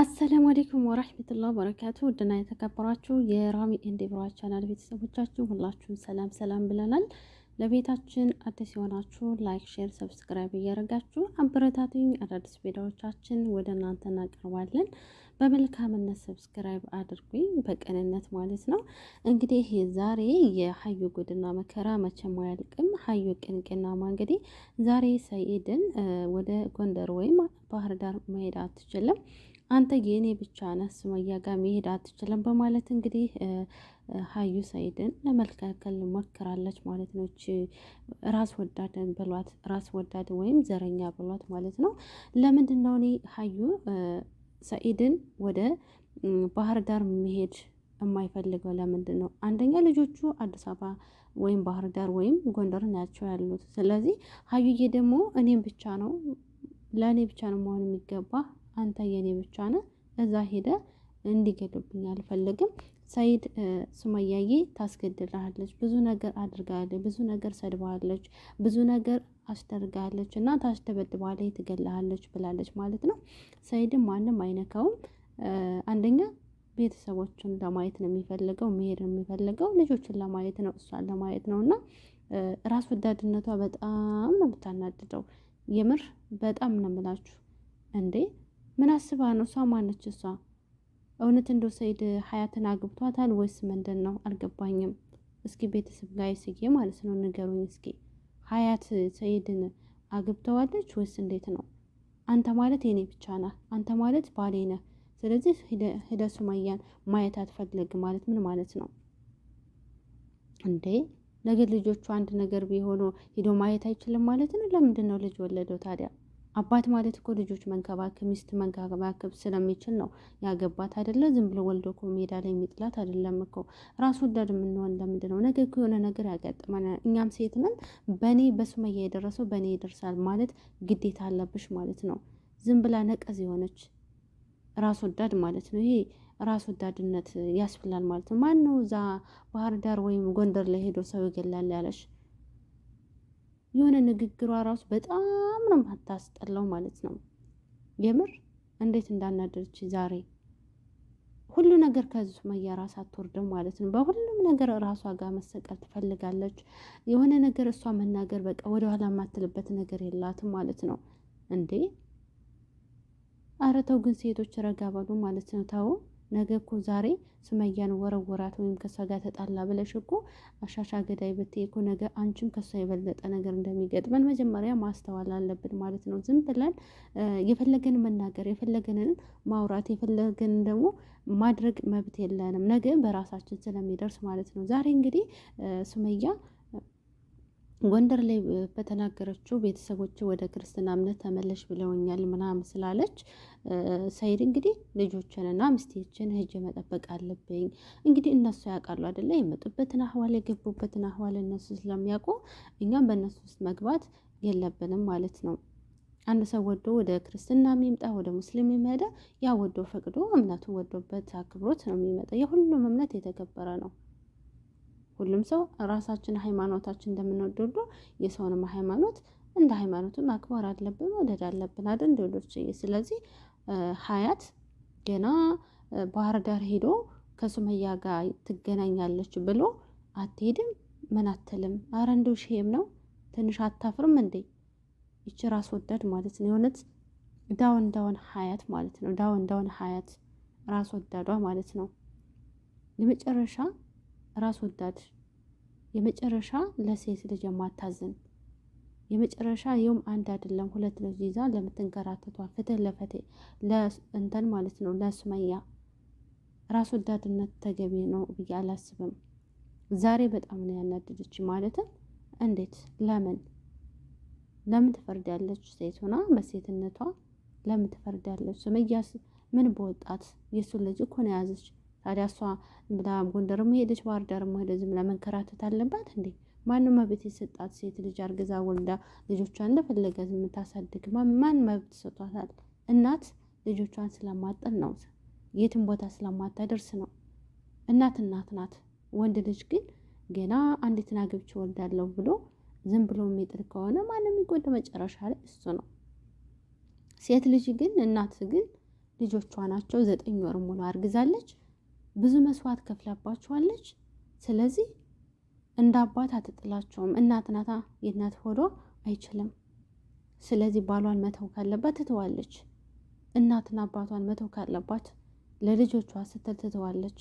አሰላሙ አሌይኩም ወራህመቱላ በረካቱ ውድና የተከበራችሁ የራሚ ኤንድ ብራ ቻናል ቤተሰቦቻችን ሁላችሁም ሰላም ሰላም ብለናል። ለቤታችን አዲስ የሆናችሁ ላይክ፣ ሼር፣ ሰብስክራይብ እያደረጋችሁ አበረታቱኝ። አዳዲስ ቪዲዮዎቻችን ወደ እናንተ እናቀርባለን። በመልካምነት ሰብስክራይብ አድርጉኝ፣ በቅንነት ማለት ነው። እንግዲህ ዛሬ የሀዩ ጉድና መከራ መቼም አያልቅም። ሀዩ ቅንቅናማ እንግዲህ ዛሬ ሰኢድን ወደ ጎንደር ወይም ባህር ዳር መሄድ አትችልም አንተ የኔ ብቻ ነህ ሱመያ ጋር መሄድ አትችልም በማለት እንግዲህ ሀዩ ሰይድን ለመከልከል ሞክራለች ማለት ነው። ራስ ወዳድን ብሏት ራስ ወዳድ ወይም ዘረኛ ብሏት ማለት ነው። ለምንድን ነው እኔ ሀዩ ሰኢድን ወደ ባህር ዳር መሄድ የማይፈልገው ለምንድን ነው? አንደኛ ልጆቹ አዲስ አበባ ወይም ባህር ዳር ወይም ጎንደር ናቸው ያሉት። ስለዚህ ሀዩዬ ደግሞ እኔም ብቻ ነው ለእኔ ብቻ ነው መሆን የሚገባ አንተ የኔ ብቻ ነህ። እዛ ሄደ እንዲገሉብኝ አልፈልግም። ሰይድ ሱመያዬ ታስገድልሃለች፣ ብዙ ነገር አድርጋለች፣ ብዙ ነገር ሰድባለች፣ ብዙ ነገር አስደርጋለች እና ታስደበድባለች፣ ትገላለች ብላለች ማለት ነው። ሰይድም ማንም አይነካውም። አንደኛ ቤተሰቦችን ለማየት ነው የሚፈልገው፣ መሄድ ነው የሚፈልገው፣ ልጆችን ለማየት ነው፣ እሷን ለማየት ነው እና ራስ ወዳድነቷ በጣም ነው የምታናድደው። የምር በጣም ነው የምላችሁ እንዴ ምን አስባ ነው? እሷ ማነች? እሷ እውነት እንደ ሰይድ ሀያትን አግብቷታል ወይስ ምንድን ነው? አልገባኝም። እስኪ ቤተሰብ ጋር ስዬ ማለት ነው ንገሩኝ እስኪ ሀያት ሰይድን አግብተዋለች ወይስ እንዴት ነው? አንተ ማለት የኔ ብቻ ነህ፣ አንተ ማለት ባሌ ነህ። ስለዚህ ሂደ ሱመያን ማየት አትፈለግ ማለት ምን ማለት ነው እንዴ? ነገር ልጆቹ አንድ ነገር ቢሆኑ ሂዶ ማየት አይችልም ማለት ነው? ለምንድን ነው ልጅ ወለደው ታዲያ? አባት ማለት እኮ ልጆች መንከባከብ ሚስት መንከባከብ ስለሚችል ነው ያገባት አይደለ? ዝም ብሎ ወልዶ እኮ ሜዳ ላይ የሚጥላት አይደለም እኮ። ራስ ወዳድ የምንሆን ለምንድን ነው? ነገ እኮ የሆነ ነገር ያጋጥመናል። እኛም ሴት ነን። በእኔ በሱመያ የደረሰው በእኔ ይደርሳል ማለት ግዴታ አለብሽ ማለት ነው። ዝም ብላ ነቀዝ የሆነች ራስ ወዳድ ማለት ነው። ይሄ ራስ ወዳድነት ያስብላል ማለት ነው። ማን ነው እዛ ባህር ዳር ወይም ጎንደር ላይ ሄዶ ሰው ይገላል ያለሽ? የሆነ ንግግሯ ራሱ በጣም ነው የማታስጠላው ማለት ነው። የምር እንዴት እንዳናደርች ዛሬ ሁሉ ነገር ከሱመያ ራስ አትወርድም ማለት ነው። በሁሉም ነገር ራሷ ጋር መሰቀል ትፈልጋለች። የሆነ ነገር እሷ መናገር በቃ ወደኋላ የማትልበት ነገር የላትም ማለት ነው። እንዴ አረ ተው ግን ሴቶች ረጋ በሉ ማለት ነው። ተው ነገ እኮ ዛሬ ስመያን ወረወራት ወይም ከሷ ጋር ተጣላ ብለሽ እኮ አሻሻ ገዳይ ብትይ እኮ ነገ አንቺም የበለጠ ነገር እንደሚገጥመን መጀመሪያ ማስተዋል አለብን ማለት ነው። ዝም ብለን የፈለገን መናገር፣ የፈለገንን ማውራት፣ የፈለገንን ደግሞ ማድረግ መብት የለንም። ነገ በራሳችን ስለሚደርስ ማለት ነው። ዛሬ እንግዲህ ስመያ ጎንደር ላይ በተናገረችው ቤተሰቦች ወደ ክርስትና እምነት ተመለሽ ብለውኛል ምናምን ስላለች ሰይድ እንግዲህ ልጆችንና ሚስቴችን ሂጅ መጠበቅ አለብኝ። እንግዲህ እነሱ ያውቃሉ አደለ? የመጡበትን አህዋል የገቡበትን አህዋል እነሱ ስለሚያውቁ እኛም በእነሱ ውስጥ መግባት የለብንም ማለት ነው። አንድ ሰው ወዶ ወደ ክርስትና የሚምጣ ወደ ሙስሊም የሚሄደ ያ ወዶ ፈቅዶ እምነቱ ወዶበት አክብሮት ነው የሚመጣ። የሁሉም እምነት የተከበረ ነው። ሁሉም ሰው ራሳችን ሃይማኖታችን እንደምንወድ ሁሉ የሰውንም ሃይማኖት እንደ ሃይማኖቱ ማክበር አለብን፣ መውደድ አለብን አይደል ውዶች? ስለዚህ ሀያት ገና ባህር ዳር ሄዶ ከሱመያ ጋር ትገናኛለች ብሎ አትሄድም፣ ምን አትልም። አረ እንደው ሼም ነው ትንሽ አታፍርም እንዴ? ይች ራስ ወዳድ ማለት ነው የእውነት ዳውን ዳውን ሀያት ማለት ነው። ዳውን ዳውን ሀያት ራስ ወዳዷ ማለት ነው። ለመጨረሻ ራስ ወዳድ የመጨረሻ ለሴት ልጅ የማታዝን የመጨረሻ ይኸውም አንድ አይደለም ሁለት ልጅ ይዛ ለምትንከራተቷ ፍትህ ለፈቴ እንተን ማለት ነው ለሱመያ ራስ ወዳድነት ተገቢ ነው ብዬ አላስብም። ዛሬ በጣም ነው ያናደደች። ማለትም እንዴት ለምን ለምን ትፈርዳለች? ሴት ሆና በሴትነቷ ለምን ትፈርዳለች? ሱመያስ ምን በወጣት የሱ ልጅ እኮ ነው የያዘች። ታዲያ እሷ በጣም ጎንደርም ሄደች ባህር ዳርም ሄደ ዝም ለመንከራተት አለባት እንዴ? ማንም መብት የሰጣት ሴት ልጅ አርግዛ ወልዳ ልጆቿን እንደፈለገ የምታሳድግ ማን መብት ሰጧታል? እናት ልጆቿን ስለማጠን ነው፣ የትም ቦታ ስለማታደርስ ነው። እናት እናት ናት። ወንድ ልጅ ግን ገና አንዲትን አግብቼ ወልዳለሁ ብሎ ዝም ብሎ የሚጥል ከሆነ ማንም የሚጎዳ መጨረሻ ላይ እሱ ነው። ሴት ልጅ ግን እናት ግን ልጆቿ ናቸው። ዘጠኝ ወር ሙሉ አርግዛለች። ብዙ መስዋዕት ከፍላባችኋለች። ስለዚህ እንደ አባት አትጥላቸውም። እናት ናታ፣ የእናት ሆዶ አይችልም። ስለዚህ ባሏን መተው ካለባት ትተዋለች። እናትና አባቷን መተው ካለባት ለልጆቿ ስትል ትተዋለች።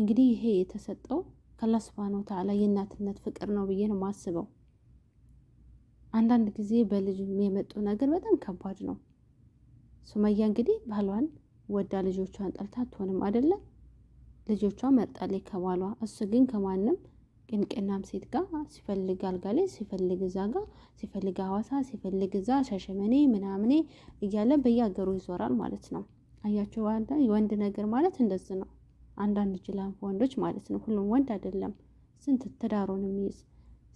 እንግዲህ ይሄ የተሰጠው ከላ ሱብሃነሁ ወተዓላ የእናትነት ፍቅር ነው ብዬ ነው የማስበው። አንዳንድ ጊዜ በልጅ የመጡ ነገር በጣም ከባድ ነው። ሱመያ እንግዲህ ባሏን ወዳ ልጆቿን ጠልታ አትሆንም አይደለም። ልጆቿ መጣለች ከባሏ። እሱ ግን ከማንም ቅንቅናም ሴት ጋር ሲፈልግ አልጋ ላይ ሲፈልግ እዛ ጋር ሲፈልግ ሐዋሳ ሲፈልግ እዛ ሻሸመኔ ምናምኔ እያለ በየሀገሩ ይዞራል ማለት ነው። አያቸው የወንድ ነገር ማለት እንደዚህ ነው። አንዳንድ ጅላንፍ ወንዶች ማለት ነው። ሁሉም ወንድ አይደለም። ስንት ትዳሩን የሚይዝ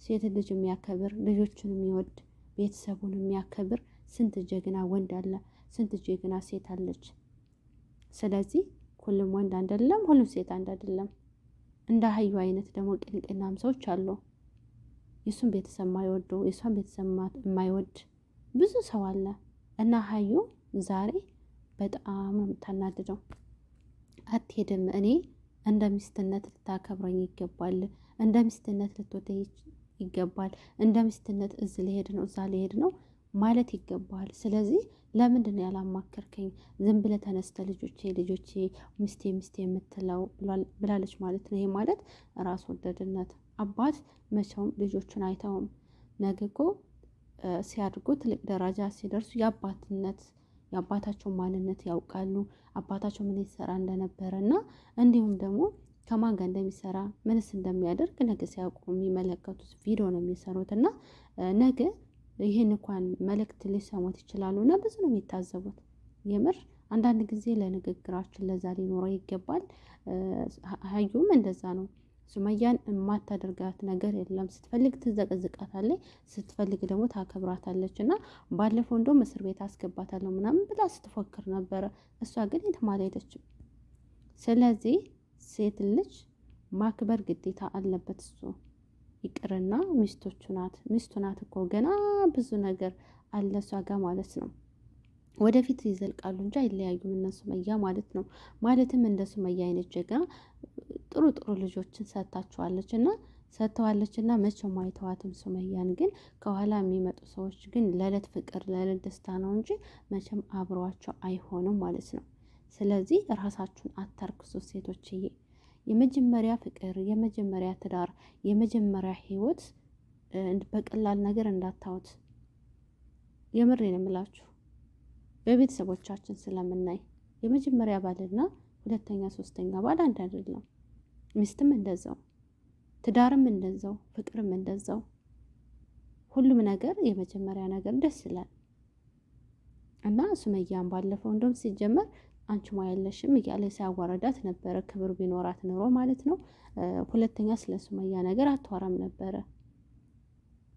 ሴት ልጅ የሚያከብር ልጆቹን የሚወድ ቤተሰቡን የሚያከብር ስንት ጀግና ወንድ አለ፣ ስንት ጀግና ሴት አለች። ስለዚህ ሁሉም ወንድ አንደለም አይደለም፣ ሁሉም ሴት አንድ አይደለም። እንደ አህዩ አይነት ደግሞ ቅንቅናም ሰዎች አሉ። የእሱን ቤተሰብ ማይወዱ የእሷን ቤተሰብ የማይወድ ብዙ ሰው አለ እና አህዩ ዛሬ በጣም ነው የምታናድደው። አትሄድም እኔ እንደ ሚስትነት ልታከብረኝ ይገባል፣ እንደ ሚስትነት ልትወደኝ ይገባል፣ እንደ ሚስትነት እዝ ሊሄድ ነው እዛ ሊሄድ ነው ማለት ይገባል ስለዚህ ለምንድን ነው ያላማከርከኝ? ዝም ብለህ ተነስተህ ልጆቼ ልጆቼ ሚስቴ ሚስቴ የምትለው ብላለች ማለት ነው። ይሄ ማለት ራስ ወዳድነት። አባት መቼውም ልጆቹን አይተውም። ነገ እኮ ሲያድጉ ትልቅ ደረጃ ሲደርሱ የአባትነት የአባታቸው ማንነት ያውቃሉ። አባታቸው ምን ይሰራ እንደነበረ እና እንዲሁም ደግሞ ከማን ጋር እንደሚሰራ ምንስ እንደሚያደርግ ነገ ሲያውቁ የሚመለከቱት ቪዲዮ ነው የሚሰሩት እና ነገ ይህን እንኳን መልእክት ሊሰሙት ይችላሉ እና ብዙ ነው የሚታዘቡት። የምር አንዳንድ ጊዜ ለንግግራችን ለዛ ሊኖረው ይገባል። ሀዩም እንደዛ ነው። ሱመያን የማታደርጋት ነገር የለም። ስትፈልግ ትዘቀዝቃታለች፣ ስትፈልግ ደግሞ ታከብራታለች። እና ባለፈው እንደውም እስር ቤት አስገባታለሁ ምናምን ብላ ስትፎክር ነበረ። እሷ ግን የትም ስለዚህ ሴት ልጅ ማክበር ግዴታ አለበት እሱ ይቅርና ሚስቶቹ ናት ሚስቱ ናት እኮ ገና ብዙ ነገር አለ እሷ ጋር ማለት ነው። ወደፊት ይዘልቃሉ እንጂ አይለያዩም እነ ሱመያ ማለት ነው። ማለትም እንደ ሱመያ አይነት ጀግና ጥሩ ጥሩ ልጆችን ሰጥታችኋለች እና ሰጥተዋለች እና መቼም አይተዋትም ሱመያን። ግን ከኋላ የሚመጡ ሰዎች ግን ለዕለት ፍቅር ለዕለት ደስታ ነው እንጂ መቼም አብረዋቸው አይሆንም ማለት ነው። ስለዚህ ራሳችሁን አታርክሱ ሴቶችዬ። የመጀመሪያ ፍቅር፣ የመጀመሪያ ትዳር፣ የመጀመሪያ ህይወት በቀላል ነገር እንዳታዩት። የምሬን የምላችሁ በቤተሰቦቻችን ስለምናይ የመጀመሪያ ባልና ሁለተኛ ሶስተኛ ባል አንድ አይደለም። ሚስትም እንደዛው፣ ትዳርም እንደዛው፣ ፍቅርም እንደዛው። ሁሉም ነገር የመጀመሪያ ነገር ደስ ይላል እና ሱመያን ባለፈው እንደውም ሲጀመር አንቺ ማ ያለሽም እያለ ሲያዋረዳት ነበረ። ክብር ቢኖራት ኑሮ ማለት ነው። ሁለተኛ ስለ ሱመያ ነገር አታወራም ነበረ።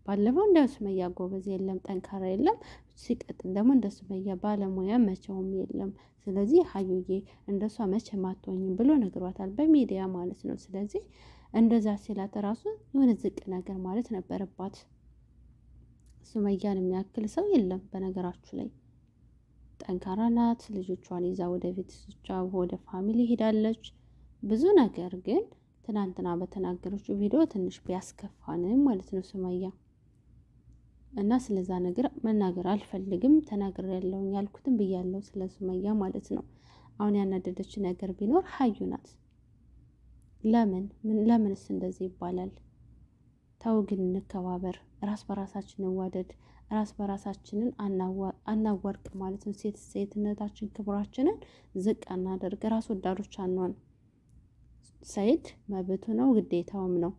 ባለፈው እንደ ሱመያ ጎበዝ የለም፣ ጠንካራ የለም። ሲቀጥል ደግሞ እንደ ሱመያ ባለሙያ መቼውም የለም። ስለዚህ ሀዩዬ እንደሷ መቼም አትሆኝም ብሎ ነግሯታል፣ በሚዲያ ማለት ነው። ስለዚህ እንደዛ ሲላት ራሱ የሆነ ዝቅ ነገር ማለት ነበረባት። ሱመያን የሚያክል ሰው የለም በነገራችሁ ላይ ጠንካራ ናት። ልጆቿን ይዛ ወደ ቤተሰቦቿ ወደ ፋሚሊ ሄዳለች። ብዙ ነገር ግን ትናንትና በተናገረችው ቪዲዮ ትንሽ ቢያስከፋንም ማለት ነው ሱመያ እና ስለዛ ነገር መናገር አልፈልግም። ተናገር ያለውን ያልኩትን ብያለው ስለ ሱመያ ማለት ነው። አሁን ያናደደች ነገር ቢኖር ሀዩ ናት። ለምን ለምንስ እንደዚህ ይባላል? ተው ግን እንከባበር፣ ራስ በራሳችን እንዋደድ። ራስ በራሳችንን አናወርቅ ማለት ነው። ሴት ሴትነታችን ክብራችንን ዝቅ አናደርግ፣ ራስ ወዳዶች አንሆን። ሰይድ መብቱ ነው ግዴታውም ነው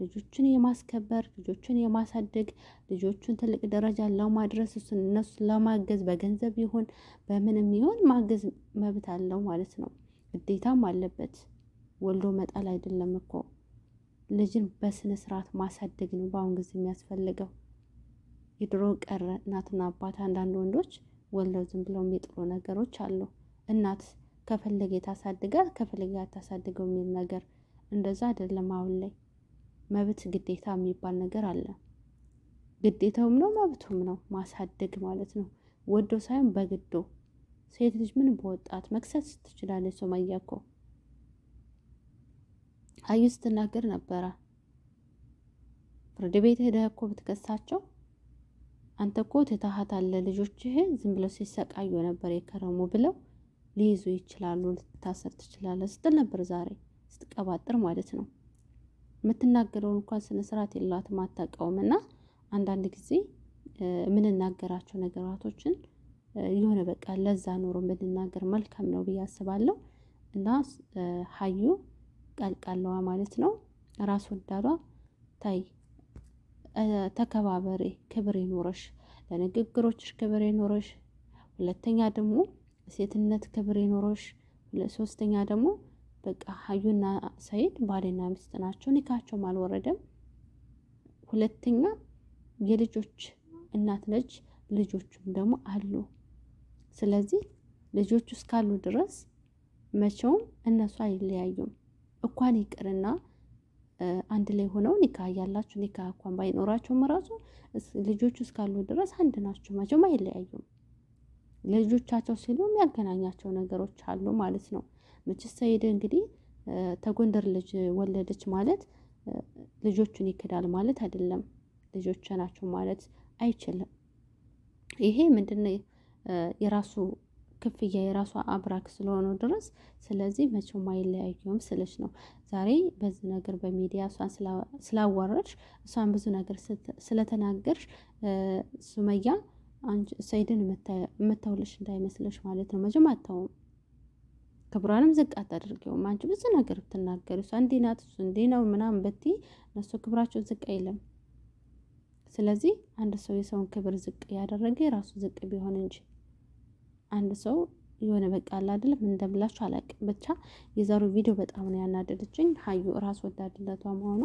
ልጆችን የማስከበር ልጆችን የማሳደግ ልጆቹን ትልቅ ደረጃ ለማድረስ እነሱ ለማገዝ በገንዘብ ይሁን በምንም ይሁን ማገዝ መብት አለው ማለት ነው። ግዴታም አለበት። ወልዶ መጣል አይደለም እኮ ልጅን በስነ ስርዓት ማሳደግ ነው በአሁን ጊዜ የሚያስፈልገው። የድሮ ቀረ እናትና አባት። አንዳንድ ወንዶች ወልደው ዝም ብለው የሚጥሉ ነገሮች አሉ። እናት ከፈለገ ታሳድጋል፣ ከፈለገ ያታሳድገው የሚል ነገር እንደዛ አይደለም። አሁን ላይ መብት ግዴታ የሚባል ነገር አለ። ግዴታውም ነው መብቱም ነው ማሳደግ ማለት ነው። ወዶ ሳይሆን በግዶ ሴት ልጅ ምን በወጣት መክሰስ ትችላለች። ሶማያ እኮ አዩ ስትናገር ነበረ። ፍርድ ቤት ሄደህ እኮ ብትከሳቸው አንተ እኮ ትታሃት አለ ልጆችህን ዝም ብለው ሲሰቃዩ ነበር የከረሙ ብለው ሊይዙ ይችላሉ፣ ልትታሰር ትችላለ ስትል ነበር ዛሬ ስትቀባጥር ማለት ነው። የምትናገረውን እንኳን ስነስርዓት የላትም አታውቀውም። እና አንዳንድ ጊዜ የምንናገራቸው ነገራቶችን የሆነ በቃ ለዛ ኖሮ ብንናገር መልካም ነው ብዬ አስባለሁ። እና ሀዩ ቀልቃለዋ ማለት ነው ራስ ወዳዷ ታይ ተከባበሪ፣ ክብር ይኖረሽ፣ ለንግግሮችሽ ክብር ይኖረሽ። ሁለተኛ ደግሞ ሴትነት ክብር ይኖረሽ። ሶስተኛ ደግሞ በቃ ሀዩና ሰይድ ባልና ሚስት ናቸው፣ ኒካቸውም አልወረደም። ሁለተኛ የልጆች እናት ነች፣ ልጆቹም ደግሞ አሉ። ስለዚህ ልጆቹ እስካሉ ድረስ መቼውም እነሱ አይለያዩም። እኳን ይቅርና አንድ ላይ ሆነው ኒካ ያላችሁ ኒካ እንኳን ባይኖራቸውም ራሱ ልጆቹ እስካሉ ድረስ አንድ ናቸው፣ መቼም አይለያዩም። ለልጆቻቸው ሲሉ የሚያገናኛቸው ነገሮች አሉ ማለት ነው። መችስ ሰይድ እንግዲህ ተጎንደር ልጅ ወለደች ማለት ልጆቹን ይክዳል ማለት አይደለም። ልጆች ናቸው ማለት አይችልም። ይሄ ምንድነው የራሱ ክፍያ የራሷ አብራክ ስለሆነው ድረስ ስለዚህ መቼም አይለያዩም ስልሽ ነው። ዛሬ በዚህ ነገር በሚዲያ እሷን ስላዋረድሽ እሷን ብዙ ነገር ስለተናገርሽ ሱመያ ሰይድን የምታውልሽ እንዳይመስለች ማለት ነው። መቼም አታውም። ክብሯንም ዝቅ አታደርጊውም። አንቺ ብዙ ነገር ብትናገሪ እሷ እንዲህ ናት እሱ እንዲህ ነው ምናምን ብትይ እነሱ ክብራቸው ዝቅ አይለም። ስለዚህ አንድ ሰው የሰውን ክብር ዝቅ ያደረገ የራሱ ዝቅ ቢሆን እንጂ አንድ ሰው የሆነ በቃ አለ አይደለም እንደምላችሁ አላውቅም። ብቻ የዛሬው ቪዲዮ በጣም ነው ያናደደችኝ። ሀዩ ራስ ወዳድነቷ መሆኗ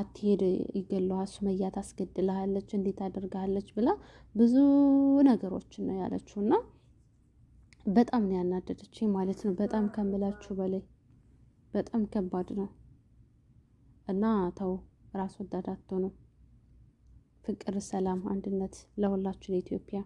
አትሄድ ይገለዋል፣ ሱመያ ታስገድልሃለች፣ እንዴት አደርግሃለች ብላ ብዙ ነገሮችን ነው ያለችው እና በጣም ነው ያናደደችኝ ማለት ነው። በጣም ከምላችሁ በላይ በጣም ከባድ ነው እና ተው ራስ ወዳድ አትሆኑ። ፍቅር፣ ሰላም፣ አንድነት ለሁላችሁ ለኢትዮጵያ